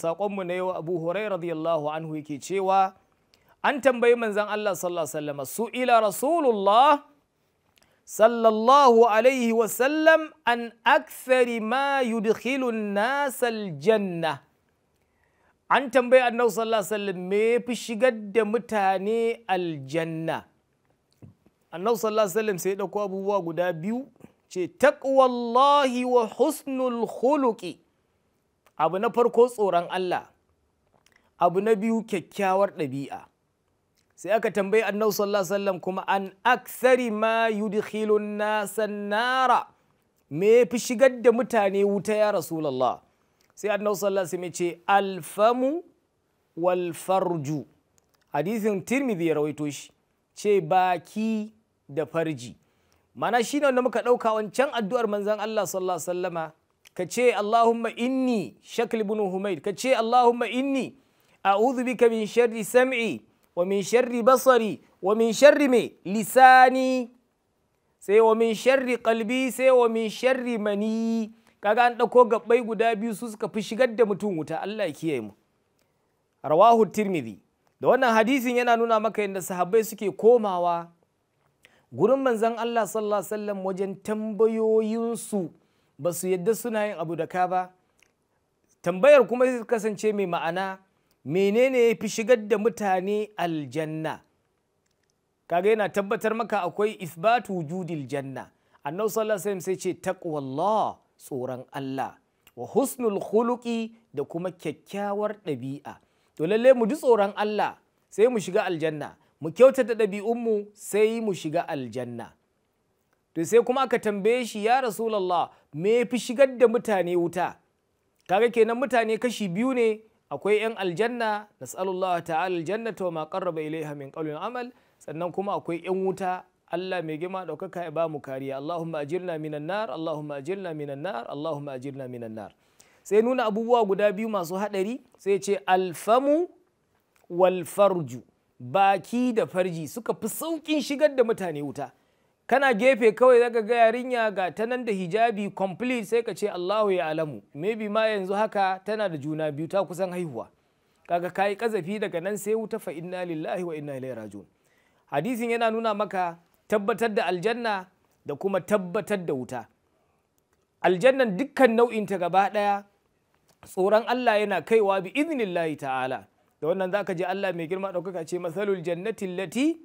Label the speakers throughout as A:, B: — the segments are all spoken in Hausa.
A: saƙonmu na yau abu hurai radiyallahu anhu yake cewa an tambayi manzan Allah sallallahu alaihi wasallam su ila rasulullah sallallahu alaihi wasallam an akthari ma yudkhilu an-nas janna an tambayi annabi sallallahu alaihi wasallam me fi shigar da mutane aljanna annabi sallallahu alaihi wasallam sai ya dauko abubuwa guda biyu ce taqwallahi wa husnul khuluqi abu na farko tsoron Allah abu na biyu kyakkyawar ɗabi'a sai aka tambayi annabi sallallahu alaihi wasallam kuma an aksari ma yudkhilu nasa nara me fi shigar da mutane wuta ya rasulullah sai annabi sallallahu alaihi wasallam ya ce alfamu wal farju hadisin tirmidhi ya rawaito shi ce baki da farji mana shine wanda muka ɗauka wancan addu'ar manzon Allah sallallahu alaihi wasallama ka ce Allahumma inni shakl ibn humayd ka ce Allahumma inni a'udhu bika min sharri sam'i wa min sharri basari wa min sharri me lisani sai wa min sharri kalbi sai wa min sharri mani kaga an ɗauko gabbai guda biyu su suka fi shigar da mutum wuta Allah ya kiyaye mu rawahu tirmidhi da wannan hadisin yana nuna maka yadda sahabbai suke komawa gurin manzon Allah sallallahu alaihi wasallam wajen tambayoyinsu ba su yadda suna yin abu da ka ba tambayar kuma zai kasance mai ma'ana menene ya fi shigar da mutane aljanna kaga yana tabbatar maka akwai isbatu wujudil janna annabi sallallahu alaihi sai ce taqwallah tsoron Allah wa husnul khuluqi da kuma kyakkyawar ɗabi'a to lalle mu ji tsoron Allah sai mu shiga aljanna mu kyautata ɗabi'unmu sai mu shiga aljanna to sai kuma aka tambaye shi ya rasulallah me fi shigar da mutane wuta kaga kenan mutane kashi biyu ne akwai yan aljanna nas'alullah ta'ala aljanna wa ma qarraba ilaiha min qawlin amal sannan kuma akwai yan wuta Allah mai girma daukaka ya bamu kariya Allahumma ajirna minan nar Allahumma ajirna minan nar Allahumma ajirna minan nar sai nuna abubuwa guda biyu masu hadari sai ce alfamu wal farju baki da farji suka fi saukin shigar da mutane wuta kana gefe kawai zaka ga yarinya ga ta nan da hijabi complete sai ka ce Allahu ya alamu maybe ma yanzu haka tana da juna biyu ta kusan haihuwa kaga kai kazafi daga nan sai wuta fa inna lillahi wa inna ilaihi raji'un hadisin yana nuna maka tabbatar da aljanna da kuma tabbatar da wuta aljannan dukkan nau'in ta gaba daya tsoron Allah yana kaiwa bi iznillahi ta'ala da wannan zaka ji Allah mai girma daukaka ce masalul jannati allati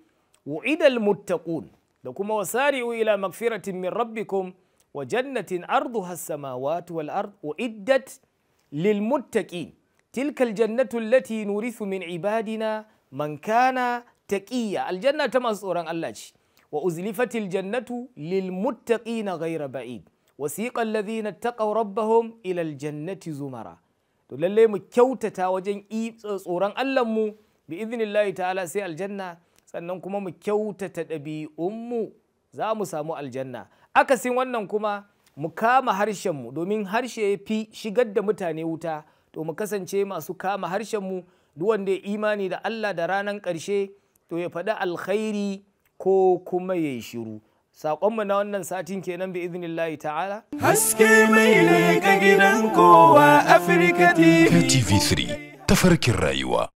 A: wa'idal muttaqun da kuma wasari'u ila magfiratin min rabbikum wa jannatin arduha as-samawati wal ard uiddat lil muttaqin tilka aljannatu allati nurithu min ibadina man kana taqiya aljanna ta masu tsoron Allah ce wa uzlifatil jannatu lil muttaqina ghayra ba'id wasiqa alladhina taqaw rabbahum ila aljannati zumara to lalle mu kyautata wajen tsoron Allah mu bi idnillahi ta'ala sai aljanna sannan kuma mu kyautata ɗabi'unmu za mu samu aljanna akasin wannan kuma mu kama harshenmu domin harshe ya fi shigar da mutane wuta to mu kasance masu kama harshenmu duk wanda ya imani da Allah da ranar ƙarshe to ya faɗi alkhairi ko kuma ya shiru saƙonmu na wannan satin kenan bi iznillahi ta'ala haske mai ne gidan kowa afirka tv3 tafarkin rayuwa